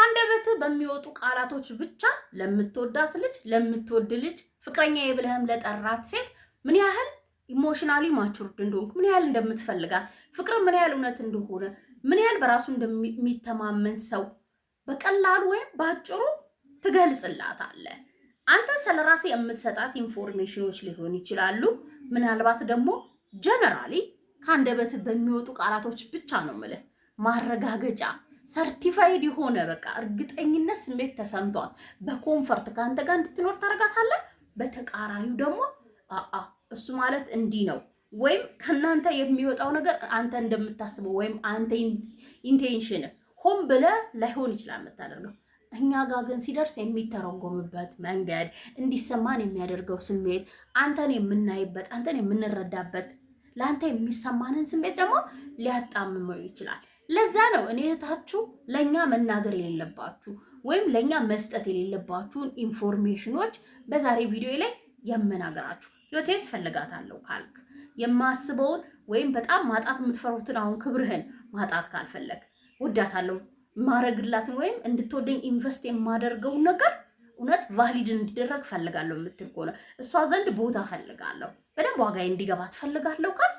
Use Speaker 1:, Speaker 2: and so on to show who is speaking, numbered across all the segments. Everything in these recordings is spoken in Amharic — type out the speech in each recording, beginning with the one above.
Speaker 1: ከአንደበትህ በሚወጡ ቃላቶች ብቻ ለምትወዳት ልጅ ለምትወድ ልጅ ፍቅረኛ የብለህም ለጠራት ሴት ምን ያህል ኢሞሽናሊ ማቹርድ እንደሆንክ ምን ያህል እንደምትፈልጋት ፍቅር ምን ያህል እውነት እንደሆነ ምን ያህል በራሱ እንደሚተማመን ሰው በቀላሉ ወይም በአጭሩ ትገልጽላታለህ። አንተ ስለ ራሴ የምትሰጣት ኢንፎርሜሽኖች ሊሆን ይችላሉ። ምናልባት ደግሞ ጀነራሊ ከአንደበትህ በሚወጡ ቃላቶች ብቻ ነው የምልህ ማረጋገጫ ሰርቲፋይድ የሆነ በቃ እርግጠኝነት ስሜት ተሰምቷል። በኮንፈርት ከአንተ ጋር እንድትኖር ታደርጋታለህ። በተቃራኒው ደግሞ አአ እሱ ማለት እንዲህ ነው ወይም ከእናንተ የሚወጣው ነገር አንተ እንደምታስበው ወይም አንተ ኢንቴንሽን ሆን ብለ ላይሆን ይችላል የምታደርገው። እኛ ጋር ግን ሲደርስ የሚተረጎምበት መንገድ እንዲሰማን የሚያደርገው ስሜት አንተን የምናይበት አንተን የምንረዳበት ለአንተ የሚሰማንን ስሜት ደግሞ ሊያጣምመው ይችላል። ለዛ ነው እኔ እህታችሁ ለእኛ መናገር የሌለባችሁ ወይም ለእኛ መስጠት የሌለባችሁን ኢንፎርሜሽኖች በዛሬ ቪዲዮ ላይ የምናገራችሁ። ዮቴስ ፈልጋታለሁ ካልክ የማስበውን ወይም በጣም ማጣት የምትፈሩትን አሁን ክብርህን ማጣት ካልፈለግ ወዳታለሁ ማረግላትን ወይም እንድትወደኝ ኢንቨስት የማደርገውን ነገር እውነት ቫሊድ እንዲደረግ ፈልጋለሁ የምትል ከሆነ እሷ ዘንድ ቦታ ፈልጋለሁ፣ በደንብ ዋጋ እንዲገባ ትፈልጋለሁ ካል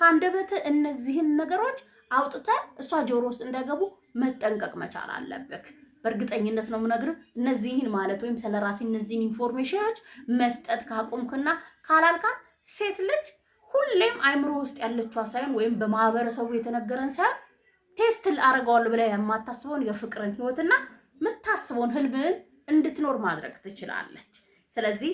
Speaker 1: ከአንደበትህ እነዚህን ነገሮች አውጥተ እሷ ጆሮ ውስጥ እንዳይገቡ መጠንቀቅ መቻል አለብክ። በእርግጠኝነት ነው ምነግር እነዚህን ማለት ወይም ስለ ራሴ እነዚህን ኢንፎርሜሽኖች መስጠት ካቆምክና ካላልካ ሴት ልጅ ሁሌም አይምሮ ውስጥ ያለችዋ ሳይሆን ወይም በማህበረሰቡ የተነገረን ሳይሆን ቴስት አደርገዋለሁ ብላ የማታስበውን የፍቅርን ህይወትና የምታስበውን ህልምህን እንድትኖር ማድረግ ትችላለች። ስለዚህ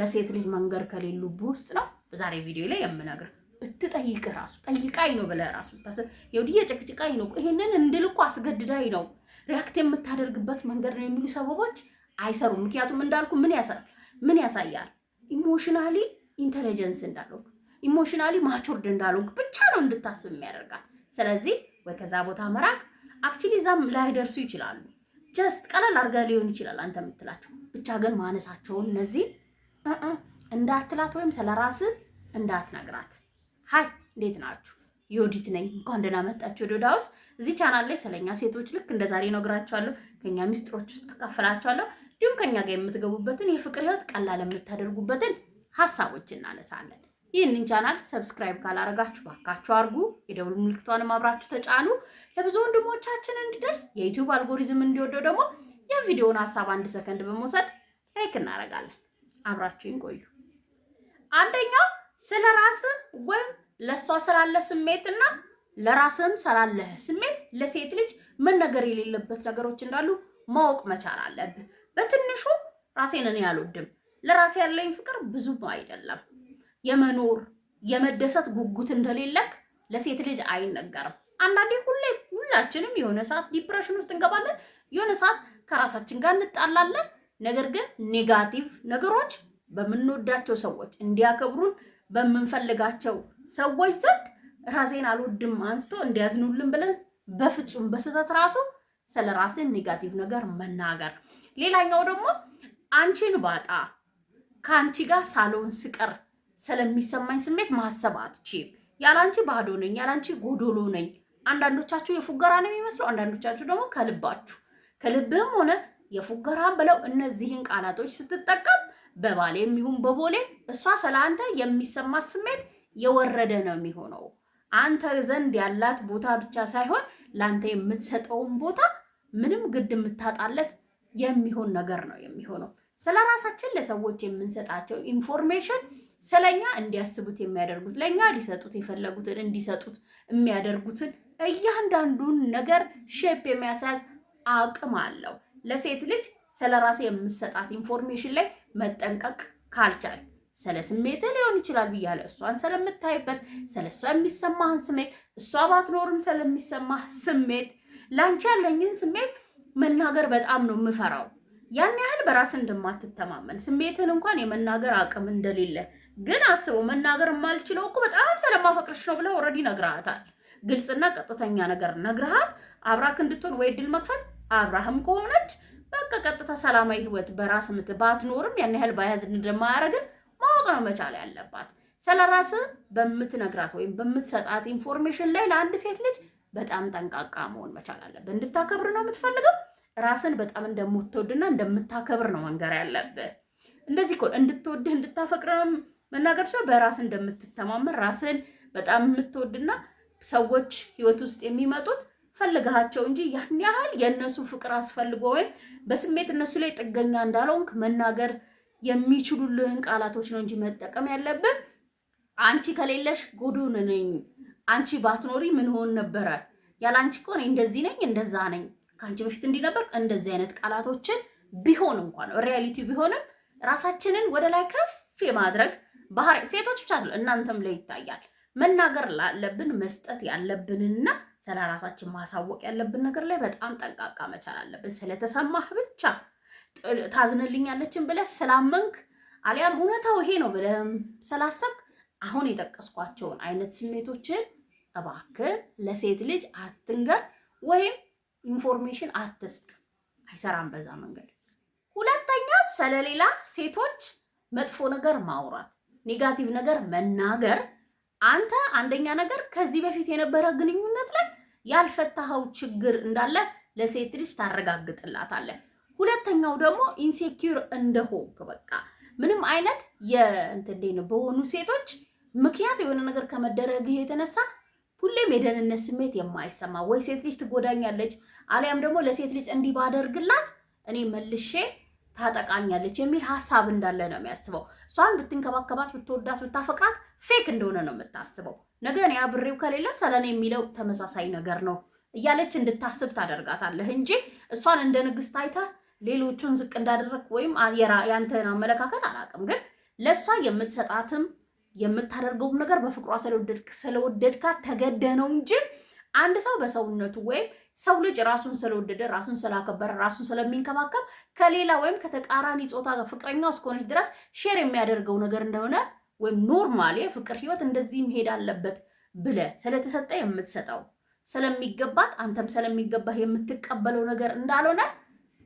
Speaker 1: ለሴት ልጅ መንገድ ከሌሉብህ ውስጥ ነው በዛሬ ቪዲዮ ላይ የምነግርህ። ብትጠይቅ ራሱ ጠይቃኝ ነው ብለህ ራሱ ብታስብ የውድዬ ጭቅጭቃኝ ነው ይሄንን እንድልኩ አስገድዳኝ ነው ሪያክት የምታደርግበት መንገድ ነው የሚሉ ሰበቦች አይሰሩም። ምክንያቱም እንዳልኩ ምን ያሳያል? ኢሞሽናሊ ኢንቴሊጀንስ እንዳልሆንክ ኢሞሽናሊ ማቾርድ እንዳለው ብቻ ነው እንድታስብ የሚያደርጋል። ስለዚህ ወይ ከዛ ቦታ መራቅ አክቹሊ ዛም ላይደርሱ ይችላሉ። ጀስት ቀለል አድርጋ ሊሆን ይችላል አንተ የምትላቸው ብቻ ግን ማነሳቸውን እነዚህ እንዳትላት ወይም ስለራስ እንዳትነግራት ሀይ እንዴት ናችሁ? ዮዲት ነኝ። እንኳን ደህና መጣችሁ ወደ ዮድ ሃውስ። እዚህ ቻናል ላይ ስለኛ ሴቶች ልክ እንደ ዛሬ እነግራችኋለሁ፣ ከኛ ሚስጥሮች ውስጥ አካፍላችኋለሁ። እንዲሁም ከኛ ጋር የምትገቡበትን የፍቅር ህይወት ቀላል የምታደርጉበትን ሀሳቦች እናነሳለን። ይህንን ቻናል ሰብስክራይብ ካላረጋችሁ ባካችሁ አርጉ። የደውል ምልክቷንም አብራችሁ ተጫኑ። ለብዙ ወንድሞቻችን እንዲደርስ የዩቲዩብ አልጎሪዝም እንዲወደው ደግሞ የቪዲዮውን ሀሳብ አንድ ሰከንድ በመውሰድ ላይክ እናደርጋለን። አብራችሁን ቆዩ። አንደኛው ስለ ራስህ ወይም ለእሷ ስላለ ስሜትና ለራስህም ስላለህ ስሜት ለሴት ልጅ ምን ነገር የሌለበት ነገሮች እንዳሉ ማወቅ መቻል አለብህ። በትንሹ ራሴን እኔ አልወድም፣ ለራሴ ያለኝ ፍቅር ብዙም አይደለም፣ የመኖር የመደሰት ጉጉት እንደሌለክ ለሴት ልጅ አይነገርም። አንዳንዴ ሁሌ ሁላችንም የሆነ ሰዓት ዲፕሬሽን ውስጥ እንገባለን፣ የሆነ ሰዓት ከራሳችን ጋር እንጣላለን። ነገር ግን ኔጋቲቭ ነገሮች በምንወዳቸው ሰዎች እንዲያከብሩን በምንፈልጋቸው ሰዎች ዘንድ ራሴን አልወድም አንስቶ እንዲያዝኑልን ብለን በፍጹም በስህተት ራሱ ስለ ራስን ኔጋቲቭ ነገር መናገር። ሌላኛው ደግሞ አንቺን ባጣ ከአንቺ ጋር ሳሎን ስቀር ስለሚሰማኝ ስሜት ማሰብ አትችይም። ያላንቺ ባዶ ነኝ፣ ያላንቺ ጎዶሎ ነኝ። አንዳንዶቻችሁ የፉገራ ነው የሚመስለው፣ አንዳንዶቻችሁ ደግሞ ከልባችሁ ከልብህም ሆነ የፉገራ ብለው እነዚህን ቃላቶች ስትጠቀም በባሌ የሚሁን በቦሌ እሷ ስለ አንተ የሚሰማት ስሜት የወረደ ነው የሚሆነው። አንተ ዘንድ ያላት ቦታ ብቻ ሳይሆን ለአንተ የምትሰጠውን ቦታ ምንም ግድ የምታጣለት የሚሆን ነገር ነው የሚሆነው። ስለ ራሳችን ለሰዎች የምንሰጣቸው ኢንፎርሜሽን ስለኛ እንዲያስቡት የሚያደርጉት ለእኛ ሊሰጡት የፈለጉትን እንዲሰጡት የሚያደርጉትን እያንዳንዱን ነገር ሼፕ የሚያሳዝ አቅም አለው። ለሴት ልጅ ስለ ራሴ የምሰጣት ኢንፎርሜሽን ላይ መጠንቀቅ ካልቻል ስለ ስሜት ሊሆን ይችላል ብያለ እሷን ስለምታይበት ስለ እሷ የሚሰማህን ስሜት እሷ ባትኖርም ስለሚሰማህ ስሜት ላንቺ ያለኝን ስሜት መናገር በጣም ነው የምፈራው። ያን ያህል በራስ እንደማትተማመን ስሜትን እንኳን የመናገር አቅም እንደሌለ ግን አስቦ መናገር የማልችለው እኮ በጣም ስለማፈቅርሽ ነው ብለህ ኦልሬዲ ነግረሃታል። ግልጽና ቀጥተኛ ነገር ነግረሃት አብራክ እንድትሆን ወይ ድል መክፈት አብራህም ከሆነች በቃ ቀጥታ ሰላማዊ ህይወት በራስ ምት ባትኖርም ያን ያህል ባያዝ እንደማያደርግን ማወቅ ነው መቻል ያለባት። ስለ ራስ በምትነግራት ወይም በምትሰጣት ኢንፎርሜሽን ላይ ለአንድ ሴት ልጅ በጣም ጠንቃቃ መሆን መቻል አለብህ። እንድታከብር ነው የምትፈልገው። ራስን በጣም እንደምትወድና እንደምታከብር ነው መንገር ያለብህ። እንደዚህ እኮ እንድትወድህ እንድታፈቅር ነው መናገር ሰው በራስ እንደምትተማመን ራስን በጣም የምትወድና ሰዎች ህይወት ውስጥ የሚመጡት ፈልግሃቸው እንጂ ያን ያህል የእነሱ ፍቅር አስፈልጎ ወይም በስሜት እነሱ ላይ ጥገኛ እንዳልሆንክ መናገር የሚችሉልህን ቃላቶች ነው እንጂ መጠቀም ያለብን። አንቺ ከሌለሽ ጎዶን ነኝ፣ አንቺ ባትኖሪ ምን ሆን ነበረ፣ ያለ አንቺ እኮ እኔ እንደዚህ ነኝ፣ እንደዛ ነኝ፣ ከአንቺ በፊት እንዲነበር እንደዚህ አይነት ቃላቶችን ቢሆን እንኳን ሪያሊቲ ቢሆንም ራሳችንን ወደ ላይ ከፍ የማድረግ ባህሪ ሴቶች ብቻ እናንተም ላይ ይታያል። መናገር ላለብን መስጠት ያለብንና ስለ ራሳችን ማሳወቅ ያለብን ነገር ላይ በጣም ጠንቃቃ መቻል አለብን። ስለተሰማህ ብቻ ታዝንልኛለችን ብለህ ስላመንክ አሊያም እውነታው ይሄ ነው ብለህም ስላሰብክ አሁን የጠቀስኳቸውን አይነት ስሜቶችን እባክህ ለሴት ልጅ አትንገር ወይም ኢንፎርሜሽን አትስጥ። አይሰራም በዛ መንገድ። ሁለተኛም ስለሌላ ሴቶች መጥፎ ነገር ማውራት፣ ኔጋቲቭ ነገር መናገር አንተ አንደኛ ነገር ከዚህ በፊት የነበረ ግንኙነት ላይ ያልፈታኸው ችግር እንዳለ ለሴት ልጅ ታረጋግጥላታለህ። ሁለተኛው ደግሞ ኢንሴኪዩር እንደሆንክ በቃ ምንም አይነት ነው በሆኑ ሴቶች ምክንያት የሆነ ነገር ከመደረግህ የተነሳ ሁሌም የደህንነት ስሜት የማይሰማ ወይ ሴት ልጅ ትጎዳኛለች፣ አሊያም ደግሞ ለሴት ልጅ እንዲህ ባደርግላት እኔ መልሼ ታጠቃኛለች የሚል ሀሳብ እንዳለ ነው የሚያስበው። እሷን ብትንከባከባት፣ ብትወዳት፣ ብታፈቅራት ፌክ እንደሆነ ነው የምታስበው። ነገ እኔ አብሬው ከሌለ ሰለኔ የሚለው ተመሳሳይ ነገር ነው እያለች እንድታስብ ታደርጋታለህ እንጂ እሷን እንደ ንግስት አይተህ ሌሎቹን ዝቅ እንዳደረግ ወይም ያንተን አመለካከት አላውቅም፣ ግን ለእሷ የምትሰጣትም የምታደርገውም ነገር በፍቅሯ ስለወደድካት ተገደ ነው እንጂ አንድ ሰው በሰውነቱ ወይም ሰው ልጅ ራሱን ስለወደደ ራሱን ስላከበረ ራሱን ስለሚንከባከብ ከሌላ ወይም ከተቃራኒ ጋር ፍቅረኛው እስከሆነች ድረስ ሼር የሚያደርገው ነገር እንደሆነ ወይም ኖርማል የፍቅር ህይወት እንደዚህ መሄድ አለበት ብለ ስለተሰጠ የምትሰጠው ስለሚገባት አንተም ስለሚገባህ የምትቀበለው ነገር እንዳልሆነ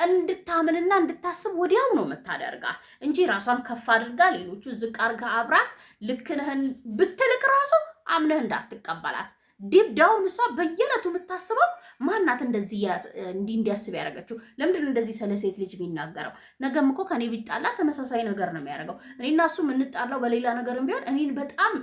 Speaker 1: እንድታምንና እንድታስብ ወዲያው ነው የምታደርጋት እንጂ ራሷን ከፍ አድርጋ ሌሎቹ ዝቅ አድርጋ አብራክ ልክ ነህን ብትልቅ ራሱ አምነህ እንዳትቀበላት ዲፕ ዳውን እሷ በየለቱ የምታስበው ማናት እንደዚህ እንዲህ እንዲያስብ ያደረገችው? ለምንድን እንደዚህ ስለ ሴት ልጅ የሚናገረው? ነገም እኮ ከኔ ቢጣላ ተመሳሳይ ነገር ነው የሚያደርገው። እኔና እሱ የምንጣላው በሌላ ነገርም ቢሆን እኔን በጣም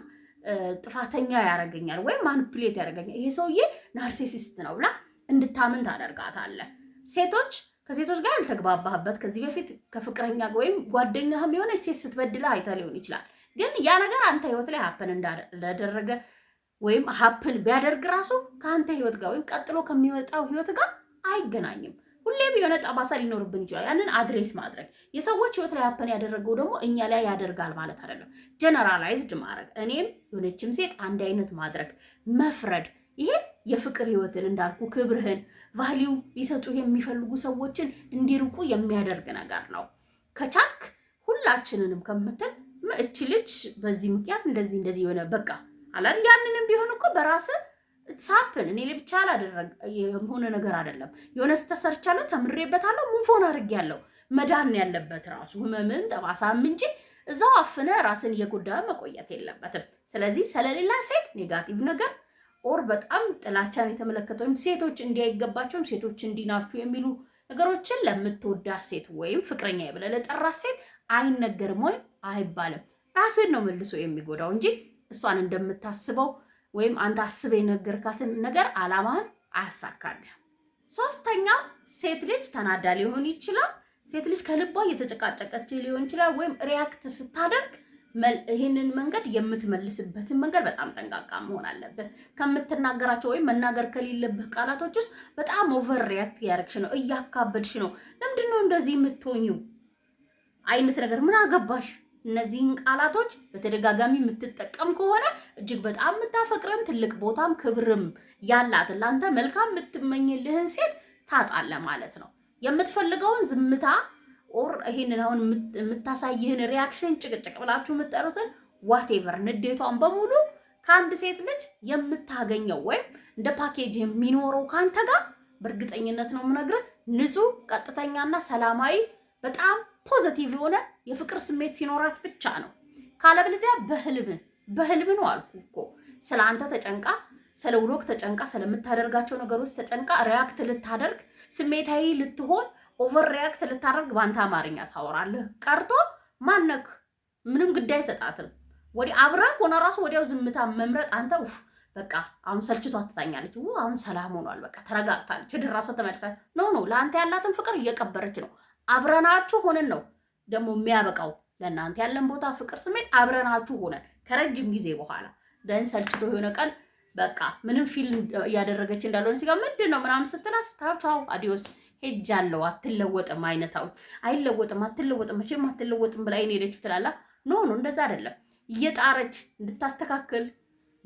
Speaker 1: ጥፋተኛ ያደርገኛል ወይም ማንፕሌት ያደርገኛል። ይሄ ሰውዬ ናርሴሲስት ነው ብላ እንድታምን ታደርጋታለህ። ሴቶች ከሴቶች ጋር ያልተግባባህበት ከዚህ በፊት ከፍቅረኛ ወይም ጓደኛህም የሆነ ሴት ስትበድልህ አይተህ ሊሆን ይችላል። ግን ያ ነገር አንተ ህይወት ላይ ሀፐን እንዳደረገ ወይም ሀፕን ቢያደርግ ራሱ ከአንተ ህይወት ጋር ወይም ቀጥሎ ከሚወጣው ህይወት ጋር አይገናኝም። ሁሌም የሆነ ጠባሳ ሊኖርብን ይችላል። ያንን አድሬስ ማድረግ የሰዎች ህይወት ላይ ሀፕን ያደረገው ደግሞ እኛ ላይ ያደርጋል ማለት አይደለም። ጀነራላይዝድ ማድረግ እኔም የሆነችም ሴት አንድ አይነት ማድረግ መፍረድ፣ ይሄ የፍቅር ህይወትን እንዳልኩ ክብርህን ቫሊዩ ሊሰጡ የሚፈልጉ ሰዎችን እንዲርቁ የሚያደርግ ነገር ነው። ከቻልክ ሁላችንንም ከምትል እች ልጅ በዚህ ምክንያት እንደዚህ እንደዚህ የሆነ በቃ አላል ያንንም ቢሆን እኮ በራስ ሳፕን እኔ ብቻ አላደረግ የሆነ ነገር አይደለም። የሆነ ስተሰርቻለሁ ተምሬበታለሁ ሙፎን አድርጌያለሁ። መዳን ያለበት ራሱ ህመምም ጠባሳም እንጂ እዛው አፍነ ራስን እየጎዳ መቆየት የለበትም። ስለዚህ ስለሌላ ሴት ኔጋቲቭ ነገር ኦር በጣም ጥላቻን የተመለከተ ወይም ሴቶች እንዲያይገባቸውም ሴቶች እንዲናችሁ የሚሉ ነገሮችን ለምትወዳት ሴት ወይም ፍቅረኛ ብለህ ለጠራት ሴት አይነገርም ወይም አይባልም። ራስን ነው መልሶ የሚጎዳው እንጂ እሷን እንደምታስበው ወይም አንተ አስበ የነገርካትን ነገር አላማህን አያሳካልህም። ሶስተኛ ሴት ልጅ ተናዳ ሊሆን ይችላል። ሴት ልጅ ከልቧ እየተጨቃጨቀች ሊሆን ይችላል። ወይም ሪያክት ስታደርግ ይህንን መንገድ የምትመልስበትን መንገድ በጣም ጠንቃቃ መሆን አለብህ። ከምትናገራቸው ወይም መናገር ከሌለብህ ቃላቶች ውስጥ በጣም ኦቨር ሪያክት ያደርግሽ ነው፣ እያካበድሽ ነው፣ ለምንድን ነው እንደዚህ የምትሆኙ አይነት ነገር ምን አገባሽ እነዚህን ቃላቶች በተደጋጋሚ የምትጠቀም ከሆነ እጅግ በጣም የምታፈቅረን ትልቅ ቦታም ክብርም ያላት ላንተ መልካም የምትመኝልህን ሴት ታጣለ ማለት ነው። የምትፈልገውን ዝምታ ኦር ይህንን አሁን የምታሳይህን ሪያክሽን ጭቅጭቅ ብላችሁ የምትጠሩትን ዋቴቨር ንዴቷን በሙሉ ከአንድ ሴት ልጅ የምታገኘው ወይም እንደ ፓኬጅ የሚኖረው ከአንተ ጋር በእርግጠኝነት ነው የምነግርህ ንጹህ፣ ቀጥተኛና ሰላማዊ በጣም ፖዘቲቭ የሆነ የፍቅር ስሜት ሲኖራት ብቻ ነው። ካለበለዚያ በህልም በህልም ነው አልኩ እኮ ስለ አንተ ተጨንቃ ስለ ውሎክ ተጨንቃ ስለምታደርጋቸው ነገሮች ተጨንቃ ሪያክት ልታደርግ ስሜታዊ ልትሆን ኦቨር ሪያክት ልታደርግ በአንተ አማርኛ ሳወራልህ ቀርቶ ማነክ ምንም ግዳይ ሰጣትም ወዲ አብረህ ሆነ ራሱ ወዲያው ዝምታ መምረጥ አንተ ፍ በቃ አሁን ሰልችቷ ትታኛለች፣ አሁን ሰላም ሆኗል፣ በቃ ተረጋግታለች፣ ወደ ራሷ ተመልሳለች። ኖ ኖ ለአንተ ያላትን ፍቅር እየቀበረች ነው። አብረናችሁ ሆነን ነው ደግሞ የሚያበቃው። ለእናንተ ያለን ቦታ፣ ፍቅር፣ ስሜት አብረናችሁ ሆነን ከረጅም ጊዜ በኋላ ደን ሰልችቶ የሆነ ቀን በቃ ምንም ፊል እያደረገች እንዳልሆነ ሲጋ ምንድን ነው ምናምን ስትላት ታቻው አዲዮስ ሄጃለሁ አትለወጥም፣ አይነታው አይለወጥም፣ አትለወጥም፣ መቼም አትለወጥም ብላ ሄደች ትላላ። ኖ ኖ እንደዛ አይደለም። እየጣረች እንድታስተካክል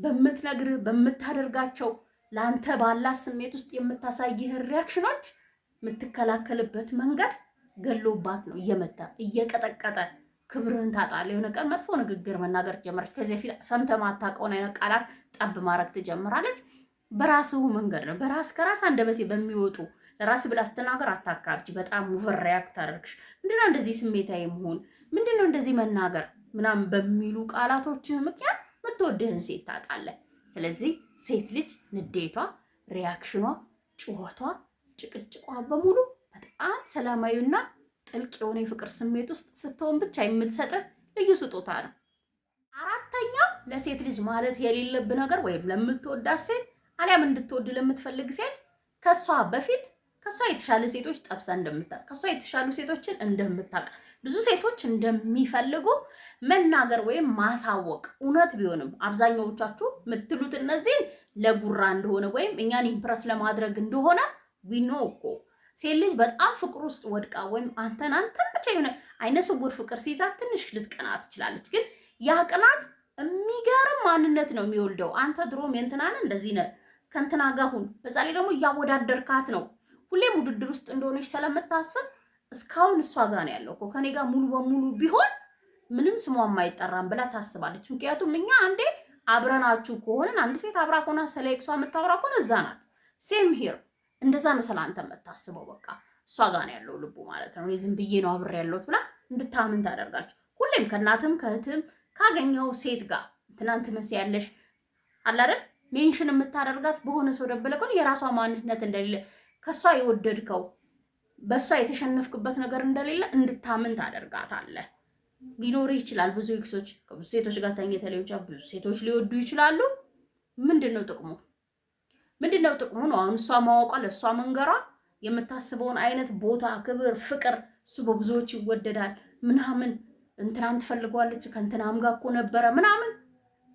Speaker 1: በምትነግር በምታደርጋቸው ለአንተ ባላት ስሜት ውስጥ የምታሳይህን ሪያክሽኖች የምትከላከልበት መንገድ ገሎባት ነው እየመታ እየቀጠቀጠ ክብርህን ታጣለህ። የሆነ ቀን መጥፎ ንግግር መናገር ጀመረች። ከዚህ በፊት ሰምተህ ማታውቀውን አይነት ቃላት ጠብ ማድረግ ትጀምራለች። በራሱ መንገድ ነው። በራስ ከራስ አንደበት በሚወጡ ለራስ ብላ ስትናገር አታካብጂ። በጣም ውቨር ሪያክት ታደርግሽ። ምንድነው እንደዚህ ስሜታዊ መሆን፣ ምንድነው እንደዚህ መናገር ምናምን በሚሉ ቃላቶችህ ምክንያት የምትወድህን ሴት ታጣለህ። ስለዚህ ሴት ልጅ ንዴቷ፣ ሪያክሽኗ፣ ጩኸቷ፣ ጭቅጭቋ በሙሉ በጣም ሰላማዊና ጥልቅ የሆነ የፍቅር ስሜት ውስጥ ስትሆን ብቻ የምትሰጥህ ልዩ ስጦታ ነው። አራተኛው ለሴት ልጅ ማለት የሌለብ ነገር ወይም ለምትወዳት ሴት አሊያም እንድትወድ ለምትፈልግ ሴት ከሷ በፊት ከእሷ የተሻለ ሴቶች ጠብሰ እንደምታቅ ከእሷ የተሻሉ ሴቶችን እንደምታቅ ብዙ ሴቶች እንደሚፈልጉ መናገር ወይም ማሳወቅ እውነት ቢሆንም አብዛኛዎቻችሁ የምትሉት እነዚህን ለጉራ እንደሆነ ወይም እኛን ኢምፕረስ ለማድረግ እንደሆነ ዊኖ እኮ ሴት ልጅ በጣም ፍቅር ውስጥ ወድቃ ወይም አንተን አንተን ብቻ የሆነ አይነ ስውር ፍቅር ሲይዛ ትንሽ ልትቀና ትችላለች። ግን ያ ቅናት የሚገርም ማንነት ነው የሚወልደው። አንተ ድሮም የእንትናን እንደዚህ ነ ከእንትና ጋር ሁን። በዛ ላይ ደግሞ እያወዳደርካት ነው። ሁሌም ውድድር ውስጥ እንደሆነች ስለምታስብ እስካሁን እሷ ጋር ነው ያለው ከኔ ጋር ሙሉ በሙሉ ቢሆን ምንም ስሟ የማይጠራም ብላ ታስባለች። ምክንያቱም እኛ አንዴ አብረናችሁ ከሆንን አንድ ሴት አብራ ከሆና ስለ ኤክሷ የምታብራ ከሆነ እዛ ናት። ሴም ሄር እንደዛ ነው ስለ አንተ የምታስበው። በቃ እሷ ጋር ነው ያለው ልቡ ማለት ነው። ዝም ብዬ ነው አብሬ ያለሁት ብላ እንድታምን ታደርጋለች። ሁሌም ከእናትም ከእህትም ካገኘው ሴት ጋር ትናንት መስ ያለሽ አላደል ሜንሽን የምታደርጋት በሆነ ሰው ደበለ ከሆነ የራሷ ማንነት እንደሌለ ከእሷ የወደድከው በእሷ የተሸነፍክበት ነገር እንደሌለ እንድታምን ታደርጋታለህ። ሊኖር ይችላል ብዙ ክሶች ከብዙ ሴቶች ጋር ተኝተ ሊሆን ይችላል። ብዙ ሴቶች ሊወዱ ይችላሉ። ምንድን ነው ጥቅሙ? ምንድን ነው ጥቅሙ? ነው አሁን እሷ ማወቋ ለእሷ መንገሯ የምታስበውን አይነት ቦታ፣ ክብር፣ ፍቅር እሱ በብዙዎች ይወደዳል ምናምን እንትናም ትፈልጓለች ከእንትናም ጋር እኮ ነበረ ምናምን።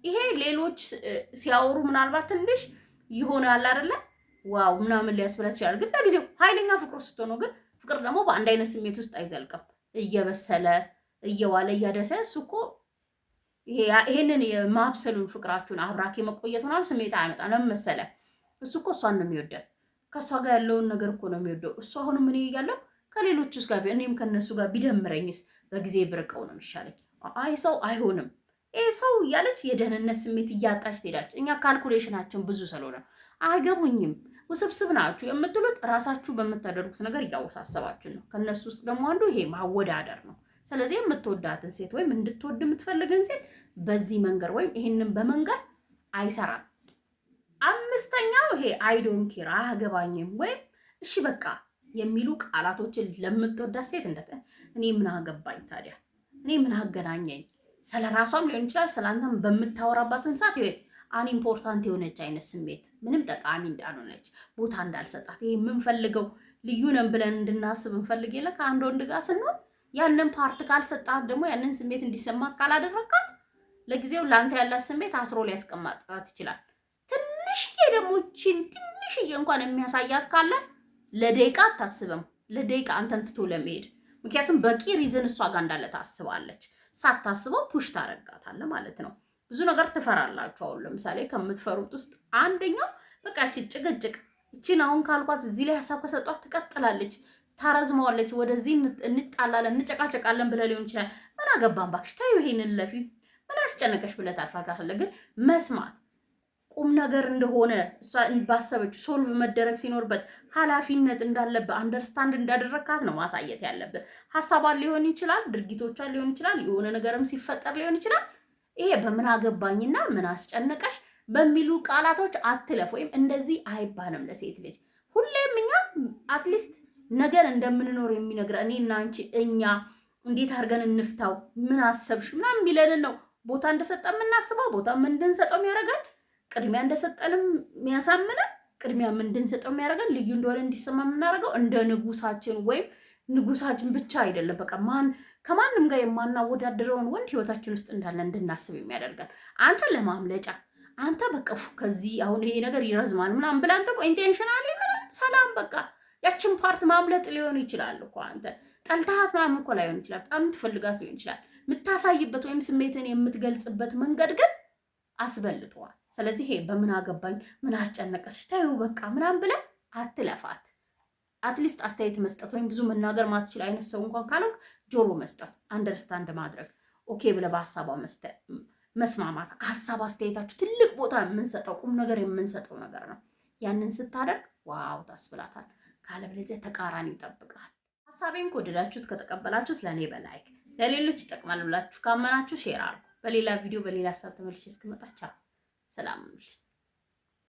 Speaker 1: ይሄ ሌሎች ሲያወሩ ምናልባት ትንሽ ይሆናል አይደለ? ዋው ምናምን ሊያስብላት ይችላል። ግን ለጊዜው ኃይለኛ ፍቅር ስትሆኑ ግን ፍቅር ደግሞ በአንድ አይነት ስሜት ውስጥ አይዘልቅም። እየበሰለ እየዋለ እያደሰ እሱ እኮ ይሄንን የማብሰሉን ፍቅራችሁን አብራክ የመቆየት ምናምን ስሜት አያመጣም። ለምን እሱ እኮ እሷን ነው የሚወዳት። ከእሷ ጋር ያለውን ነገር እኮ ነው የሚወደው እሱ። አሁን ምን እያለሁ ከሌሎች ውስጥ ጋር እኔም ከነሱ ጋር ቢደምረኝስ በጊዜ ብርቀው ነው የሚሻለኝ። አይ ሰው አይሆንም ይህ ሰው እያለች የደህንነት ስሜት እያጣች ትሄዳለች። እኛ ካልኩሌሽናችን ብዙ ስለሆነ አይገቡኝም፣ ውስብስብ ናችሁ የምትሉት ራሳችሁ በምታደርጉት ነገር እያወሳሰባችሁ ነው። ከነሱ ውስጥ ደግሞ አንዱ ይሄ ማወዳደር ነው። ስለዚህ የምትወዳትን ሴት ወይም እንድትወድ የምትፈልግን ሴት በዚህ መንገድ ወይም ይህንን በመንገድ አይሰራም። አምስተኛው ይሄ አይዶን ኬር አያገባኝም ወይም እሺ በቃ የሚሉ ቃላቶችን ለምትወዳት ሴት እንደተ እኔ ምን አገባኝ ታዲያ እኔ ምን አገናኘኝ ስለ ራሷም ሊሆን ይችላል ስለአንተም በምታወራባትን ሰዓት ይሄ አንኢምፖርታንት የሆነች አይነት ስሜት ምንም ጠቃሚ እንዳልሆነች ቦታ እንዳልሰጣት ይሄ የምንፈልገው ልዩ ነን ብለን እንድናስብ እንፈልግ የለ ከአንድ ወንድ ጋር ስንሆን ያንን ፓርት ካልሰጣት ደግሞ ያንን ስሜት እንዲሰማት ካላደረካት ለጊዜው ለአንተ ያላት ስሜት አስሮ ሊያስቀማጣት ይችላል። ትንሽዬ ደግሞ ይቺን ትንሽዬ እንኳን የሚያሳያት ካለ ለደቂቃ አታስብም። ለደቂቃ አንተን ትቶ ለመሄድ ምክንያቱም በቂ ሪዝን እሷ ጋር እንዳለ ታስባለች። ሳታስበው ፑሽ ታረጋታለ ማለት ነው። ብዙ ነገር ትፈራላችሁ። አሁን ለምሳሌ ከምትፈሩት ውስጥ አንደኛው በቃ ጭቅጭቅ። እቺን አሁን ካልኳት እዚህ ላይ ሀሳብ ከሰጧት ትቀጥላለች፣ ታረዝመዋለች። ወደዚህ እንጣላለን፣ እንጨቃጨቃለን ብለህ ሊሆን ይችላል። ምን አገባን እባክሽ፣ ተይው ይሄንን ለፊት ምን አስጨነቀሽ ብለህ ታልፋታለህ። ግን መስማት ቁም ነገር እንደሆነ ባሰበች ሶልቭ መደረግ ሲኖርበት ኃላፊነት እንዳለበት አንደርስታንድ እንዳደረግካት ነው ማሳየት ያለብህ። ሀሳቧን ሊሆን ይችላል፣ ድርጊቶቿን ሊሆን ይችላል፣ የሆነ ነገርም ሲፈጠር ሊሆን ይችላል። ይሄ በምን አገባኝና ምን አስጨነቀሽ በሚሉ ቃላቶች አትለፍ፣ ወይም እንደዚህ አይባልም ለሴት ልጅ። ሁሌም እኛ አትሊስት ነገር እንደምንኖር የሚነግረ እኔ እና አንቺ እኛ እንዴት አድርገን እንፍታው ምን አሰብሽ ምናምን የሚለንን ነው ቦታ እንደሰጠ የምናስበው ቦታ ምን እንድንሰጠው ቅድሚያ እንደሰጠንም የሚያሳምነን ቅድሚያ እንድንሰጠው የሚያደርገን ልዩ እንደሆነ እንዲሰማ የምናደርገው እንደ ንጉሳችን ወይም ንጉሳችን ብቻ አይደለም። በቃ ማን ከማንም ጋር የማናወዳደረውን ወንድ ህይወታችን ውስጥ እንዳለ እንድናስብ የሚያደርገን አንተ ለማምለጫ አንተ በቃ ከዚህ አሁን ይሄ ነገር ይረዝማል ምናምን ብላንተ አንተ ኢንቴንሽናል ሰላም በቃ ያችን ፓርት ማምለጥ ሊሆን ይችላል እኮ አንተ ጠልታሃት ምናምን እኮ ላይሆን ይችላል። በጣም ትፈልጋት ሊሆን ይችላል። የምታሳይበት ወይም ስሜትን የምትገልጽበት መንገድ ግን አስበልጠዋል። ስለዚህ ይሄ በምን አገባኝ ምን አስጨነቀሽ ታዩ በቃ ምናምን ብለን አትለፋት። አትሊስት አስተያየት መስጠት ወይም ብዙ መናገር ማትችል አይነት ሰው እንኳን ካለው ጆሮ መስጠት፣ አንደርስታንድ ማድረግ፣ ኦኬ ብለህ በሀሳቧ መስማማት። ሀሳብ አስተያየታችሁ ትልቅ ቦታ የምንሰጠው ቁም ነገር የምንሰጠው ነገር ነው። ያንን ስታደርግ ዋው ታስብላታል። ካለበለዚያ ተቃራኒ ይጠብቃል። ሀሳቤን ከወደዳችሁት ከተቀበላችሁት፣ ለእኔ በላይክ ለሌሎች ይጠቅማል ብላችሁ ካመናችሁ ሼር አርጉ። በሌላ ቪዲዮ በሌላ ሀሳብ ተመልሼ እስክመጣ ቻው። ሰላም ሁኑልኝ።